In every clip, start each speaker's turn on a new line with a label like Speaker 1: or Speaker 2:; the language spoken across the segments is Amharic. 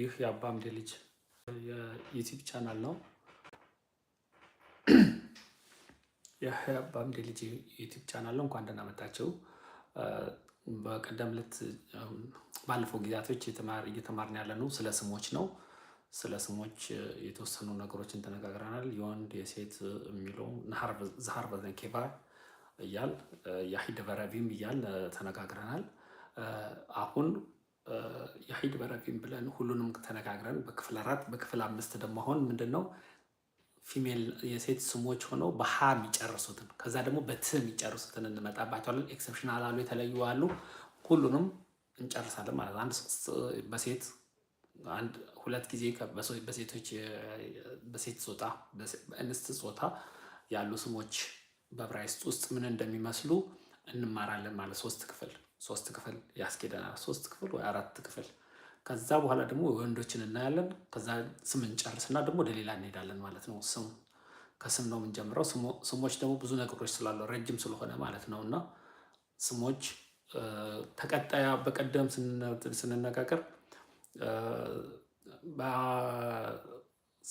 Speaker 1: ይህ ምድ ልጅ የዩቲዩብ ቻናል ነው። ምድ ልጅ ዩቲዩብ ቻናል ነው። እንኳን ደህና መጣችሁ። በቀደም ዕለት ባለፈው ጊዜያቶች እየተማርን ያለ ነው ስለ ስሞች ነው። ስለ ስሞች የተወሰኑ ነገሮችን ተነጋግረናል። የወንድ የሴት የሚለው ዛሃር በዘንኬባ እያል የሂድ በረቢም እያል ተነጋግረናል። አሁን የሂድ በረፊም ብለን ሁሉንም ተነጋግረን በክፍል አራት በክፍል አምስት ደግሞ አሁን ምንድን ነው ፊሜል የሴት ስሞች ሆነው በሀ የሚጨርሱትን ከዛ ደግሞ በት የሚጨርሱትን እንመጣባቸዋለን። ኤክሰፕሽናል አሉ፣ የተለዩ አሉ። ሁሉንም እንጨርሳለን ማለት አንድ በሴት አንድ ሁለት ጊዜ በሴቶች በሴት ጾታ በእንስት ጾታ ያሉ ስሞች በብራይስጥ ውስጥ ምን እንደሚመስሉ እንማራለን ማለት ሶስት ክፍል ሶስት ክፍል ያስኬደናል። ሶስት ክፍል ወይ አራት ክፍል። ከዛ በኋላ ደግሞ ወንዶችን እናያለን። ከዛ ስም እንጨርስና ደግሞ ወደ ሌላ እንሄዳለን ማለት ነው። ስም ከስም ነው የምንጀምረው። ስሞች ደግሞ ብዙ ነገሮች ስላለው ረጅም ስለሆነ ማለት ነው እና ስሞች ተቀጣያ በቀደም ስንነጋገር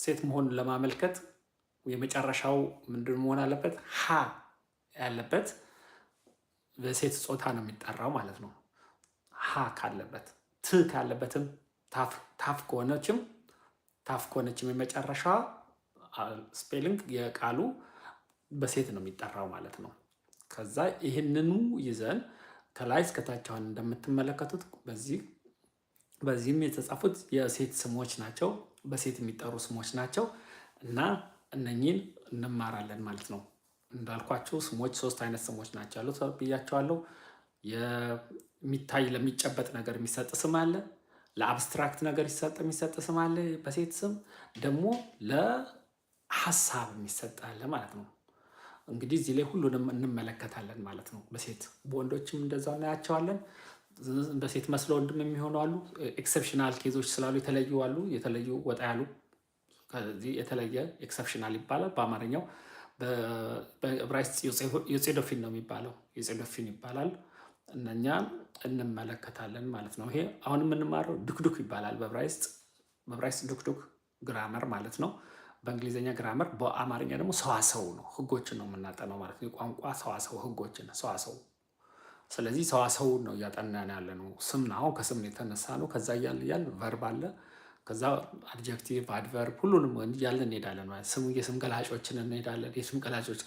Speaker 1: ሴት መሆን ለማመልከት የመጨረሻው ምንድን መሆን አለበት? ሀ ያለበት በሴት ጾታ ነው የሚጠራው ማለት ነው። ሀ ካለበት ት ካለበትም ታፍ ከሆነችም ታፍ ከሆነችም የመጨረሻ ስፔሊንግ የቃሉ በሴት ነው የሚጠራው ማለት ነው። ከዛ ይህንኑ ይዘን ከላይ እስከታቸውን እንደምትመለከቱት በዚህ በዚህም የተጻፉት የሴት ስሞች ናቸው፣ በሴት የሚጠሩ ስሞች ናቸው እና እነኚህን እንማራለን ማለት ነው። እንዳልኳቸው ስሞች ሶስት አይነት ስሞች ናቸው ያሉት ብያቸዋለሁ። የሚታይ ለሚጨበጥ ነገር የሚሰጥ ስም አለ። ለአብስትራክት ነገር ይሰጥ የሚሰጥ ስም አለ በሴት ስም ደግሞ ለሀሳብ የሚሰጥ አለ ማለት ነው። እንግዲህ እዚህ ላይ ሁሉንም እንመለከታለን ማለት ነው። በሴት በወንዶችም እንደዛው እናያቸዋለን። በሴት መስለ ወንድም የሚሆኑ አሉ። ኤክሰፕሽናል ኬዞች ስላሉ የተለዩ አሉ። የተለዩ ወጣ ያሉ ከዚህ የተለየ ኤክሰፕሽናል ይባላል በአማርኛው በዕብራይስጥ የጼዶፊን ነው የሚባለው፣ የጼዶፊን ይባላል። እነኛ እንመለከታለን ማለት ነው። ይሄ አሁን የምንማረው ዱክዱክ ይባላል በዕብራይስጥ በዕብራይስጥ ዱክዱክ ግራመር ማለት ነው። በእንግሊዝኛ ግራመር፣ በአማርኛ ደግሞ ሰዋሰው ነው። ህጎችን ነው የምናጠነው ማለት ነው። የቋንቋ ሰዋሰው ህጎችን ሰዋሰው። ስለዚህ ሰዋሰውን ነው እያጠናን ያለ ነው። ስም ነው፣ ከስም የተነሳ ነው። ከዛ እያል እያል ቨርብ አለ ከዛ አድጀክቲቭ አድቨርብ ሁሉንም እያለ እንሄዳለን። ማለት ስሙ የስም ገላጮችን እንሄዳለን። የስም ገላጮች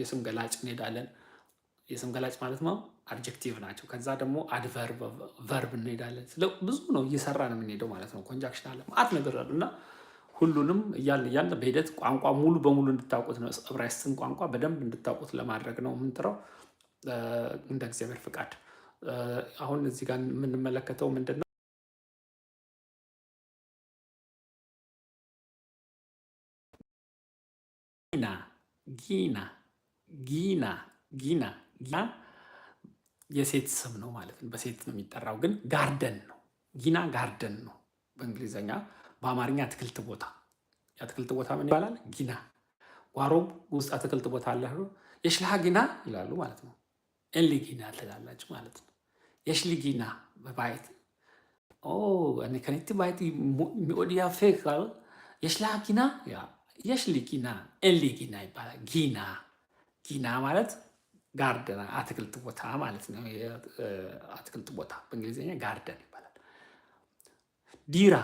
Speaker 1: የስም ገላጭ እንሄዳለን። የስም ገላጭ ማለት ነው አድጀክቲቭ ናቸው። ከዛ ደግሞ አድቨርብ ቨርብ እንሄዳለን። ብዙ ነው እየሰራ ነው የምንሄደው ማለት ነው። ኮንጃክሽን አለ ማለት ነገር አሉ እና ሁሉንም እያልን እያልን በሂደት ቋንቋ ሙሉ በሙሉ እንድታውቁት ነው። ዕብራይስጥን ቋንቋ በደንብ እንድታውቁት ለማድረግ ነው የምንጥረው እንደ እግዚአብሔር ፍቃድ። አሁን እዚህ ጋር የምንመለከተው ምንድን ነው? ጊና ጊና ጊና ጊና የሴት ስም ነው ማለት ነው። በሴት ነው የሚጠራው፣ ግን ጋርደን ነው። ጊና ጋርደን ነው በእንግሊዝኛ። በአማርኛ አትክልት ቦታ። የአትክልት ቦታ ምን ይባላል? ጊና። ጓሮ ውስጥ አትክልት ቦታ አለ። የሽልሃ ጊና ይላሉ ማለት ነው። ኤሊ ጊና ትላላችሁ ማለት ነው። የሽሊ ጊና በባይት ከኔቲ ባይት ሚኦዲያ ፌክ የሽልሃ ጊና የሽሊ ጊና ኤሊ ጊና ይባላል። ጊና ጊና ማለት ጋርደን አትክልት ቦታ ማለት ነው። አትክልት ቦታ በእንግሊዝኛ ጋርደን ይባላል። ዲራ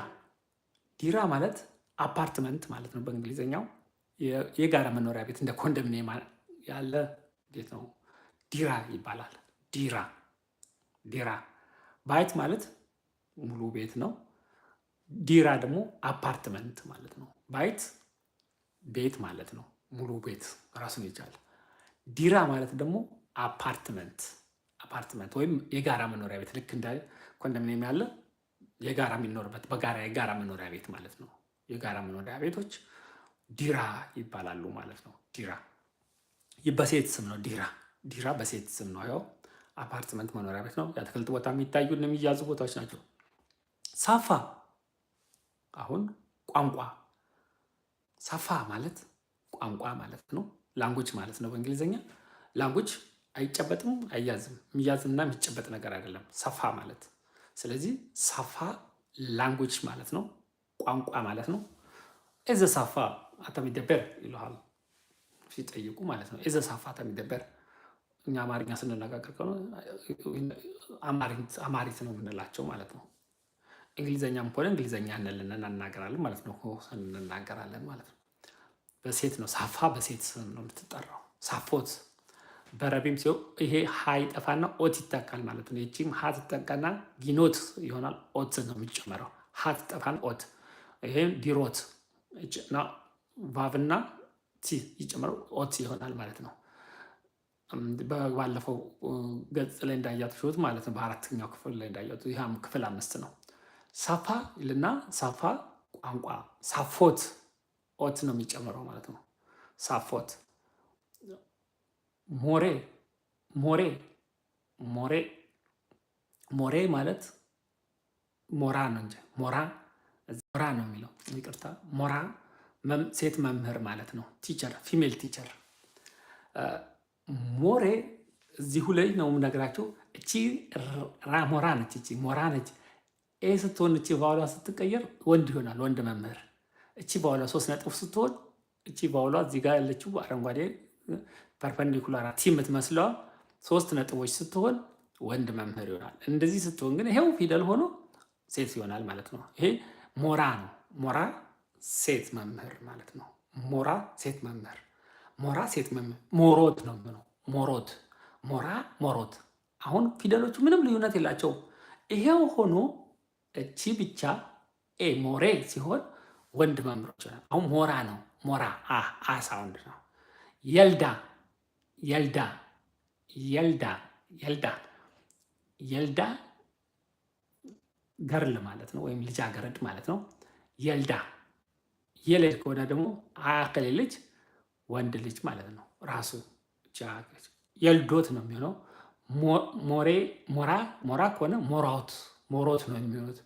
Speaker 1: ዲራ ማለት አፓርትመንት ማለት ነው በእንግሊዝኛው። የጋራ መኖሪያ ቤት እንደ ኮንዶሚኒየም ያለ እንዴት ነው ዲራ ይባላል። ዲራ ዲራ ባይት ማለት ሙሉ ቤት ነው። ዲራ ደግሞ አፓርትመንት ማለት ነው ባይት ቤት ማለት ነው። ሙሉ ቤት ራሱን ይቻል። ዲራ ማለት ደግሞ አፓርትመንት አፓርትመንት ወይም የጋራ መኖሪያ ቤት ልክ እንደ ኮንዶሚኒየም ያለ የጋራ የሚኖርበት በጋራ የጋራ መኖሪያ ቤት ማለት ነው። የጋራ መኖሪያ ቤቶች ዲራ ይባላሉ ማለት ነው። ዲራ በሴት ስም ነው። ዲራ ዲራ በሴት ስም ነው። ያው አፓርትመንት መኖሪያ ቤት ነው። የአትክልት ቦታ የሚታዩ የሚያዙ ቦታዎች ናቸው። ሳፋ አሁን ቋንቋ ሰፋ ማለት ቋንቋ ማለት ነው። ላንጉጅ ማለት ነው በእንግሊዝኛ። ላንጉጅ አይጨበጥም፣ አይያዝም። የሚያዝና የሚጨበጥ ነገር አይደለም ሰፋ ማለት። ስለዚህ ሰፋ ላንጉጅ ማለት ነው፣ ቋንቋ ማለት ነው። ኤዘ ሳፋ አተሚደበር ይለሃል ሲጠይቁ ማለት ነው። ኤዘ ሳፋ አተሚደበር እኛ አማርኛ ስንነጋገር ከሆነ አማሪት ነው የምንላቸው ማለት ነው። እንግሊዘኛም ከሆነ እንግሊዘኛ እንልና እናናገራለን ማለት ነው። እንናገራለን ማለት ነው። በሴት ነው ሳፋ በሴት ስም ነው የምትጠራው። ሳፎት በረቢም ሲሆን ይሄ ሀ ይጠፋና ኦት ይተካል ማለት ነው። ይቺም ሀ ትጠቃና ጊኖት ይሆናል። ኦት ነው የሚጨመረው። ሀ ትጠፋና ኦት ይሄም ዲሮት እና ቫቭና ቲ ይጨመረው ኦት ይሆናል ማለት ነው። ባለፈው ገጽ ላይ እንዳያት ሽት ማለት ነው። በአራተኛው ክፍል ላይ እንዳያት ይህም ክፍል አምስት ነው። ሳፋ ይልና ሳፋ ቋንቋ ሳፎት ኦት ነው የሚጨምረው ማለት ነው። ሳፎት ሞሬ ሞሬ ሞሬ ሞሬ ማለት ሞራ ነው እንጂ ሞራ ሞራ ነው የሚለው ይቅርታ፣ ሞራ ሴት መምህር ማለት ነው። ቲቸር ፊሜል ቲቸር ሞሬ እዚሁ ላይ ነው የምነግራቸው። እቺ ሞራ ነች፣ እቺ ሞራ ነች። ይህ ስትሆን እቺ ቫውሏ ስትቀየር ወንድ ይሆናል፣ ወንድ መምህር። እቺ ቫውሏ ሶስት ነጥብ ስትሆን እቺ ቫውሏ እዚህ ጋር ያለችው አረንጓዴ ፐርፐንዲኩላር ቲ የምትመስለዋ ሶስት ነጥቦች ስትሆን ወንድ መምህር ይሆናል። እንደዚህ ስትሆን ግን ይሄው ፊደል ሆኖ ሴት ይሆናል ማለት ነው። ይሄ ሞራ ነው። ሞራ ሴት መምህር ማለት ነው። ሞራ ሴት መምህር፣ ሞራ ሴት መምህር፣ ሞሮት ነው የምለው። ሞሮት፣ ሞራ፣ ሞሮት። አሁን ፊደሎቹ ምንም ልዩነት የላቸውም። ይሄው ሆኖ እቺ ብቻ ኤ ሞሬ ሲሆን ወንድ መምሮች አሁን ሞራ ነው። ሞራ አ ሳውንድ ነው። የልዳ የልዳ የልዳ የልዳ የልዳ ገርል ማለት ነው፣ ወይም ልጃገረድ ማለት ነው። የልዳ የልጅ ከሆነ ደግሞ አያክል ልጅ ወንድ ልጅ ማለት ነው። ራሱ የልዶት ነው የሚሆነው። ሞሬ ሞራ ሞራ ከሆነ ሞራውት ሞሮት ነው የሚሆኑት።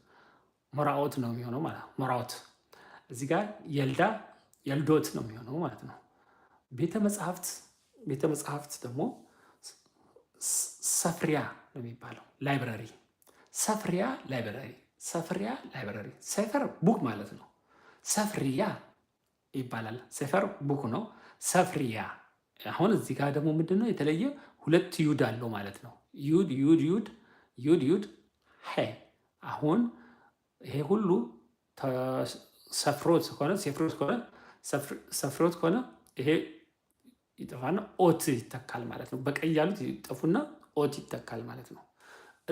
Speaker 1: ሞራኦት ነው የሚሆነው ማለት ነው። ሞራኦት እዚህ ጋር የልዳ የልዶት ነው የሚሆነው ማለት ነው። ቤተ መጽሐፍት ቤተ መጽሐፍት ደግሞ ሰፍሪያ ነው የሚባለው። ላይብራሪ ሰፍሪያ ላይብራሪ ሰፍሪያ ላይብራሪ ሰፈር ቡክ ማለት ነው። ሰፍሪያ ይባላል። ሰፈር ቡክ ነው። ሰፍሪያ አሁን እዚህ ጋር ደግሞ ምንድነው የተለየ? ሁለት ዩድ አለው ማለት ነው። ዩድ ዩድ ዩድ ዩድ ዩድ ሄ አሁን ይሄ ሁሉ ሰፍሮት ከሆነ ሴፍሮት ከሆነ ሰፍሮት ከሆነ ይሄ ይጠፋና ኦት ይተካል ማለት ነው። በቀይ ያሉት ይጠፉና ኦት ይተካል ማለት ነው።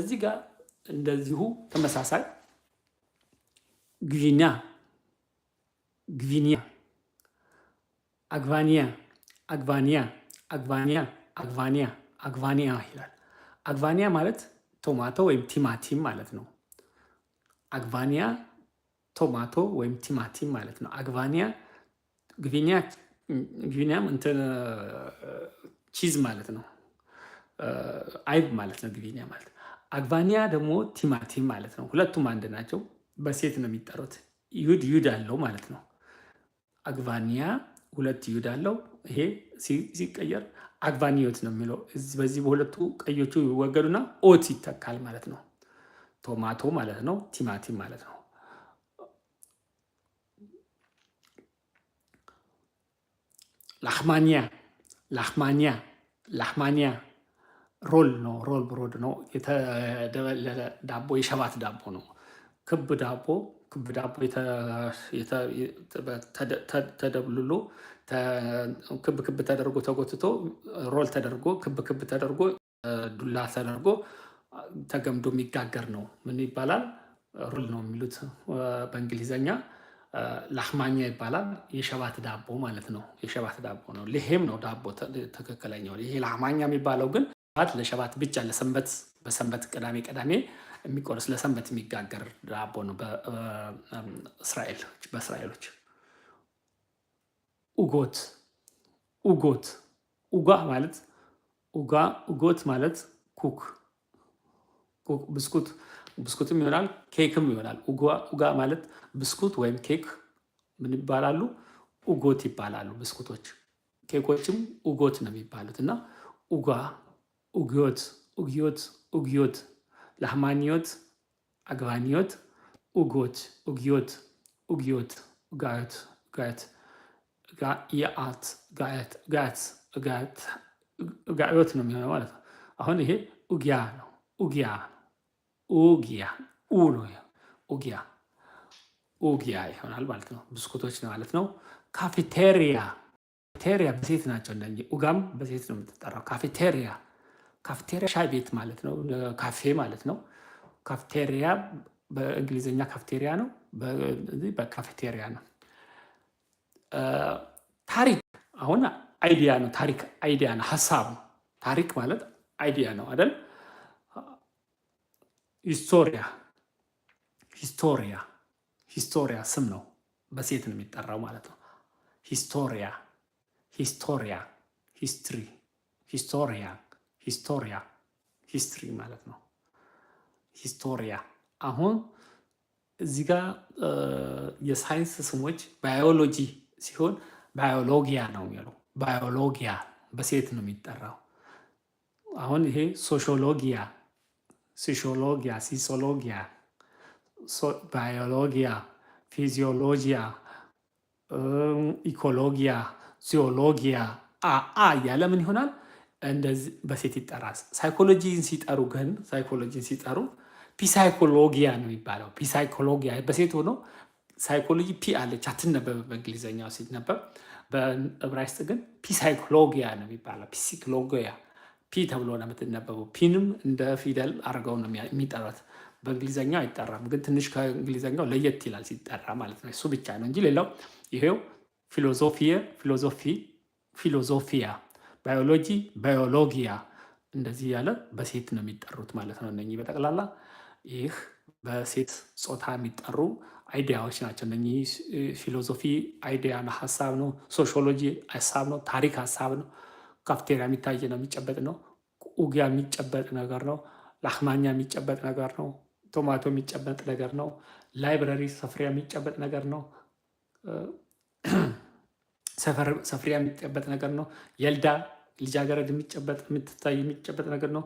Speaker 1: እዚህ ጋር እንደዚሁ ተመሳሳይ ግቪኒያ፣ ግቪኒያ፣ አግቫኒያ፣ አግቫኒያ፣ አግቫኒያ፣ አግቫኒያ፣ አግቫኒያ ይላል። አግቫኒያ ማለት ቶማቶ ወይም ቲማቲም ማለት ነው። አግቫኒያ ቶማቶ ወይም ቲማቲም ማለት ነው። አግቫኒያ ግቪኒያም እንትን ቺዝ ማለት ነው። አይብ ማለት ነው። ግቪኒያ ማለት አግቫኒያ ደግሞ ቲማቲም ማለት ነው። ሁለቱም አንድ ናቸው። በሴት ነው የሚጠሩት። ዩድ ዩድ አለው ማለት ነው። አግቫኒያ ሁለት ዩድ አለው። ይሄ ሲቀየር አግቫኒዮት ነው የሚለው በዚህ በሁለቱ ቀዮቹ ይወገዱና ኦት ይተካል ማለት ነው። ቶማቶ ማለት ነው። ቲማቲም ማለት ነው። ላህማኒያ ላህማኒያ ላህማኒያ ሮል ነው። ሮል ብሮድ ነው። የተደበለለ ዳቦ የሸባት ዳቦ ነው። ክብ ዳቦ ክብ ዳቦ ተደብልሎ ክብ ክብ ተደርጎ ተጎትቶ ሮል ተደርጎ ክብ ክብ ተደርጎ ዱላ ተደርጎ ተገምዶ የሚጋገር ነው። ምን ይባላል? ሩል ነው የሚሉት በእንግሊዘኛ። ላህማኛ ይባላል። የሸባት ዳቦ ማለት ነው። የሸባት ዳቦ ነው። ልሄም ነው ዳቦ ትክክለኛው። ይሄ ላህማኛ የሚባለው ግን ለሸባት ብቻ ለሰንበት በሰንበት ቅዳሜ ቅዳሜ የሚቆርስ ለሰንበት የሚጋገር ዳቦ ነው በእስራኤሎች ኡጎት ኡጎት ኡጓ ማለት ኡጋ ኡጎት ማለት ኩክ ብስኩት ብስኩትም ይሆናል ኬክም ይሆናል። ኡጋ ማለት ብስኩት ወይም ኬክ ምን ይባላሉ? ኡጎት ይባላሉ። ብስኩቶች ኬኮችም ኡጎት ነው የሚባሉት እና ኡጋ ኡጊዮት ኡጊዮት ኡጊዮት ላህማኒዮት አግባኒዮት ኡጎት ኡጊዮት ኡጊዮት ኡጋዮት ኡጋዮት ጋኢአት ጋት ጋዮት ነው የሚሆነው ማለት ነው። አሁን ይሄ ኡጊያ ነው። ኡጊያ ኡጊያ ኡ ነው ኡጊያ ኡጊያ ይሆናል ማለት ነው። ብስኩቶች ነው ማለት ነው። ካፌቴሪያ ካፌቴሪያ በሴት ናቸው። እንደ ኡጋም በሴት ነው የምትጠራው። ካፌቴሪያ ካፍቴሪያ ሻይ ቤት ማለት ነው። ካፌ ማለት ነው። ካፍቴሪያ በእንግሊዝኛ ካፍቴሪያ ነው። በካፌቴሪያ ነው። ታሪክ አሁን አይዲያ ነው። ታሪክ አይዲያ ነው፣ ሀሳብ ነው። ታሪክ ማለት አይዲያ ነው አይደል? ሂስቶሪያ ሂስቶሪያ ሂስቶሪያ ስም ነው። በሴት ነው የሚጠራው ማለት ነው። ሂስቶሪያ ሂስቶሪያ ሂስትሪ ሂስቶሪያ ሂስቶሪያ ሂስትሪ ማለት ነው። ሂስቶሪያ አሁን እዚህ ጋር የሳይንስ ስሞች ባዮሎጂ ሲሆን ባዮሎጊያ ነው የሚለው። ባዮሎጊያ በሴት ነው የሚጠራው። አሁን ይሄ ሶሾሎጊያ፣ ሲሾሎጊያ፣ ሲሶሎጊያ፣ ባዮሎጊያ፣ ፊዚዮሎጂያ፣ ኢኮሎጊያ፣ ዚዮሎጊያ አ እያለ ምን ይሆናል? እንደዚህ በሴት ይጠራል። ሳይኮሎጂን ሲጠሩ ግን ሳይኮሎጂን ሲጠሩ ፒሳይኮሎጊያ ነው የሚባለው። ፒሳይኮሎጊያ በሴት ሆኖ ሳይኮሎጂ ፒ አለች አትነበብ በእንግሊዝኛው ሲነበብ፣ በእብራይስጥ ግን ፒ ሳይኮሎጊያ ነው የሚባለው። ፒሲክሎጊያ ፒ ተብሎ ነው የምትነበበው። ፒንም እንደ ፊደል አድርገው ነው የሚጠራት። በእንግሊዝኛው አይጠራም፣ ግን ትንሽ ከእንግሊዝኛው ለየት ይላል ሲጠራ ማለት ነው። እሱ ብቻ ነው እንጂ ሌላው ይሄው ፊሎዞፊየ ፊሎዞፊ ፊሎዞፊያ፣ ባዮሎጂ ባዮሎጊያ፣ እንደዚህ ያለ በሴት ነው የሚጠሩት ማለት ነው። እነኚህ በጠቅላላ ይህ በሴት ጾታ የሚጠሩ አይዲያዎች ናቸው። እነ ፊሎሶፊ አይዲያ ነው፣ ሀሳብ ነው። ሶሽሎጂ ሀሳብ ነው። ታሪክ ሀሳብ ነው። ካፍቴሪያ የሚታይ ነው፣ የሚጨበጥ ነው። ኡጊያ የሚጨበጥ ነገር ነው። ላህማኛ የሚጨበጥ ነገር ነው። ቶማቶ የሚጨበጥ ነገር ነው። ላይብረሪ ሰፍሪያ የሚጨበጥ ነገር ነው። ሰፍሪያ የሚጨበጥ ነገር ነው። የልዳ ልጃገረድ የሚጨበጥ የምትታይ የሚጨበጥ ነገር ነው።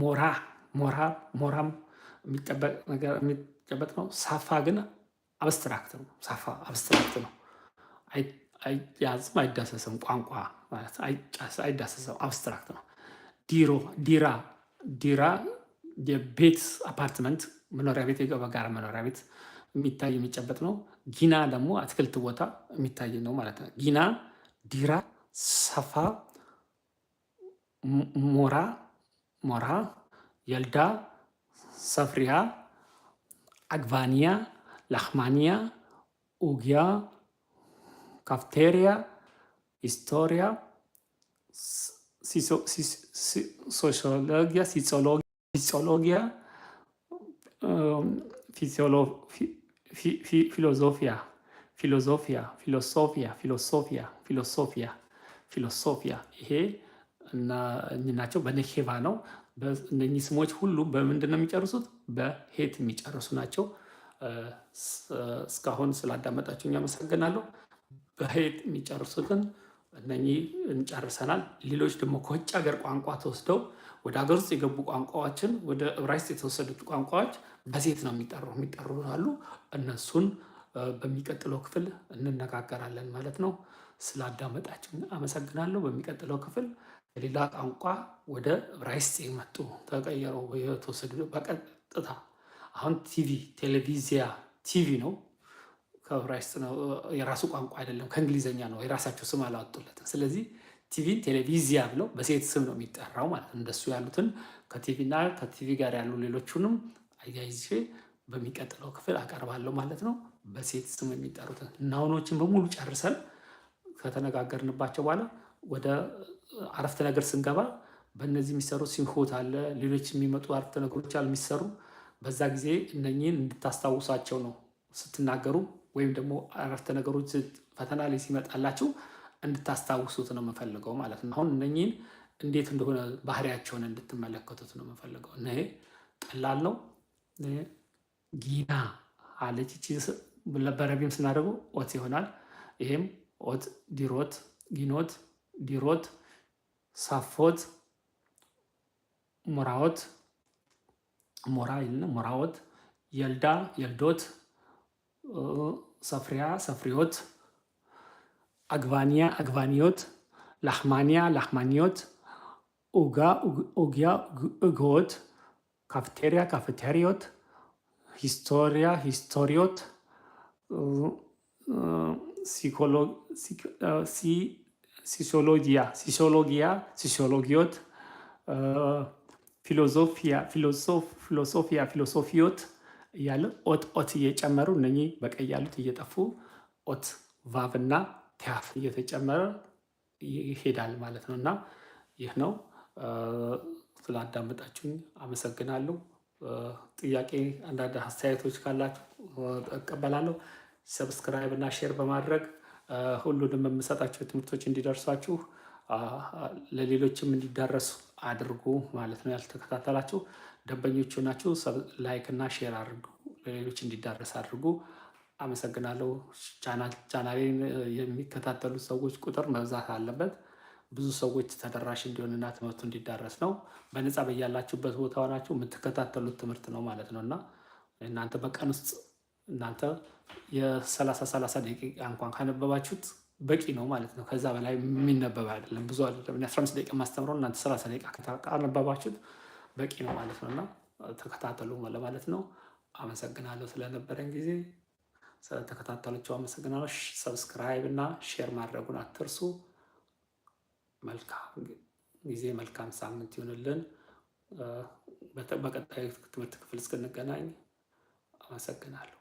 Speaker 1: ሞራ ሞራ ሞራም የሚጨበጥ ነው። ሳፋ ግን አብስትራክት ነው። ሳፋ አብስትራክት ነው። አይያዝም፣ አይዳሰስም። ቋንቋ ማለት አይዳሰስም፣ አብስትራክት ነው። ዲሮ ዲራ ዲራ የቤት አፓርትመንት መኖሪያ ቤት ጋር መኖሪያ ቤት የሚታይ የሚጨበጥ ነው። ጊና ደግሞ አትክልት ቦታ የሚታይ ነው ማለት ነው። ጊና፣ ዲራ፣ ሰፋ፣ ሞራ ሞራ፣ የልዳ ሰፍሪያ አግቫኒያ፣ ላህማኒያ፣ ኡጊያ፣ ካፍቴሪያ፣ ኢስቶሪያ፣ ሶሺዮሎጊያ፣ ሲሶሎጊያ፣ ፊሎሶፊያ ፊሎሶፊያ ፊሎሶፊያ ፊሎሶፊያ ፊሎሶፊያ ፊሎሶፊያ ይሄ ናቸው። በነኬባ ነው። እነኚህ ስሞች ሁሉ በምንድን ነው የሚጨርሱት? በሄት የሚጨርሱ ናቸው። እስካሁን ስላዳመጣችሁ አመሰግናለሁ። በሄት የሚጨርሱትን እነኚህ እንጨርሰናል። ሌሎች ደግሞ ከውጭ ሀገር ቋንቋ ተወስደው ወደ ሀገር ውስጥ የገቡ ቋንቋዎችን ወደ ዕብራይስጥ የተወሰዱት ቋንቋዎች በሴት ነው የሚጠሩ የሚጠሩ አሉ። እነሱን በሚቀጥለው ክፍል እንነጋገራለን ማለት ነው። ስላዳመጣችሁ አመሰግናለሁ። በሚቀጥለው ክፍል ከሌላ ቋንቋ ወደ ዕብራይስጥ መጡ፣ ተቀየሩ። በህይወቱ በቀጥታ አሁን ቲቪ ቴሌቪዚያ ቲቪ ነው። ከዕብራይስጥ ነው፣ የራሱ ቋንቋ አይደለም፣ ከእንግሊዝኛ ነው። የራሳቸው ስም አላወጡለትም። ስለዚህ ቲቪን ቴሌቪዚያ ብለው በሴት ስም ነው የሚጠራው ማለት እንደሱ ያሉትን ከቲቪና ከቲቪ ጋር ያሉ ሌሎቹንም አያይዤ በሚቀጥለው ክፍል አቀርባለሁ ማለት ነው። በሴት ስም የሚጠሩትን ናውኖችን በሙሉ ጨርሰን ከተነጋገርንባቸው በኋላ ወደ አረፍተ ነገር ስንገባ በእነዚህ የሚሰሩ ሲንሆት አለ፣ ሌሎች የሚመጡ አረፍተ ነገሮች አሉ የሚሰሩ በዛ ጊዜ እነኚህን እንድታስታውሳቸው ነው ስትናገሩ ወይም ደግሞ አረፍተ ነገሮች ፈተና ላይ ሲመጣላችሁ እንድታስታውሱት ነው የምፈልገው ማለት ነው። አሁን እነኚህን እንዴት እንደሆነ ባህሪያቸውን እንድትመለከቱት ነው የምፈልገው። እነ ቀላል ነው። ጊና አለች። በረቢም ስናደርጉ ኦት ይሆናል። ይሄም ኦት ዲሮት፣ ጊኖት፣ ዲሮት ሳፎት ሞራዎት ሞራ ሞራዎት የልዳ የልዶት ሰፍሪያ ሰፍሪዎት አግባንያ አግባንዮት ላሕማንያ ላሕማንዮት ኡጋ ኡግያ እግዎት ካፍቴሪያ ካፍቴሪዮት ሂስቶሪያ ሂስቶሪዮት ሲኮሎ ሲ ሲሶሎጂያ ሲሶሎጊያ ሲሶሎጊዮት ፊሎሶፊያ ፊሎሶፊዮት እያለ ኦት ኦት እየጨመሩ እነኚህ በቀይ ያሉት እየጠፉ ኦት እና ቲያፍ እየተጨመረ ይሄዳል ማለት ነው እና ይህ ነው። uh, ስላዳመጣችሁኝ አመሰግናለሁ። uh, ጥያቄ፣ አንዳንድ አስተያየቶች ካላችሁ እቀበላለሁ። ሰብስክራይብ እና ሼር በማድረግ ሁሉንም የምሰጣቸው ትምህርቶች እንዲደርሷችሁ ለሌሎችም እንዲዳረሱ አድርጉ ማለት ነው። ያልተከታተላችሁ ደንበኞቹ ናችሁ። ላይክ እና ሼር አድርጉ፣ ለሌሎች እንዲዳረስ አድርጉ። አመሰግናለሁ። ቻናሌን የሚከታተሉ ሰዎች ቁጥር መብዛት አለበት። ብዙ ሰዎች ተደራሽ እንዲሆንና ትምህርቱ እንዲዳረስ ነው። በነፃ በያላችሁበት ቦታ ሆናችሁ የምትከታተሉት ትምህርት ነው ማለት ነው እና እናንተ በቀን ውስጥ እናንተ የ ሰላሳ ደቂቃ እንኳን ካነበባችሁት በቂ ነው ማለት ነው። ከዛ በላይ የሚነበብ አይደለም ብዙ አይደለም። 15 ደቂቃ የማስተምረው እናንተ 30 ደቂቃ ካነበባችሁት በቂ ነው ማለት ነው። እና ተከታተሉ ለማለት ነው። አመሰግናለሁ ስለነበረን ጊዜ ስለተከታተላችሁ አመሰግናለሁ። ሰብስክራይብ እና ሼር ማድረጉን አትርሱ። መልካም ጊዜ፣ መልካም ሳምንት ይሁንልን። በቀጣዩ ትምህርት ክፍል እስክንገናኝ አመሰግናለሁ።